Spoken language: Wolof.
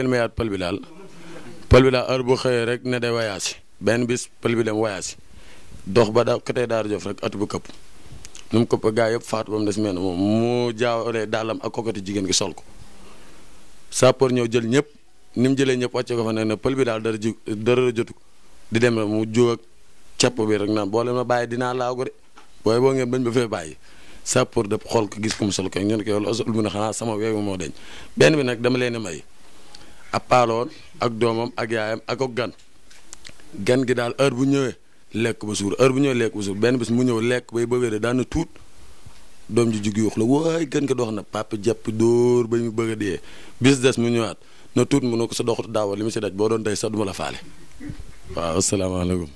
ngeen mayaat pël bi daal pël bi daal heure bu xëyee rek ne day wayaasi benn bis pël bi dem wayaasi dox ba da côté Daara jof rek at bu këpp nu mu këpp gaa yëpp faatu ba mu des mel moom mu jaawalee daalam ak kokati jigéen gi sol ko sapeur ñëw jël ñëpp ni mu jëlee ñëpp wàcce ko fa ne ne pël bi daal dara ji dara jotu di dem rek mu jóg ak capp bi rek naan boole leen ma bàyyi dinaa laagu de booy boo ngeen bañ ba fee bàyyi sapeur de xool ko gis ko mu sol ko ñu ne ko yow la ësul bi sama weewu moo benn bi nag dama leen may. ab paaloon ak doomam ak yaayam ak ak gan gan gi daal heure bu ñëwee lekk ba suur heure bu ñëwee lekk ba suur benn bis mu ñëw lekk bay ba wéere daan na tuut doom ji jug yuux la waay gan ko dox na papa jàpp dóor ba mu bëgg a dee bis des mu ñëwaat na tuut mu ne ko sa doxut daaw li mu si daj boo doon day sax du ma la faale waaw asalaamaaleykum.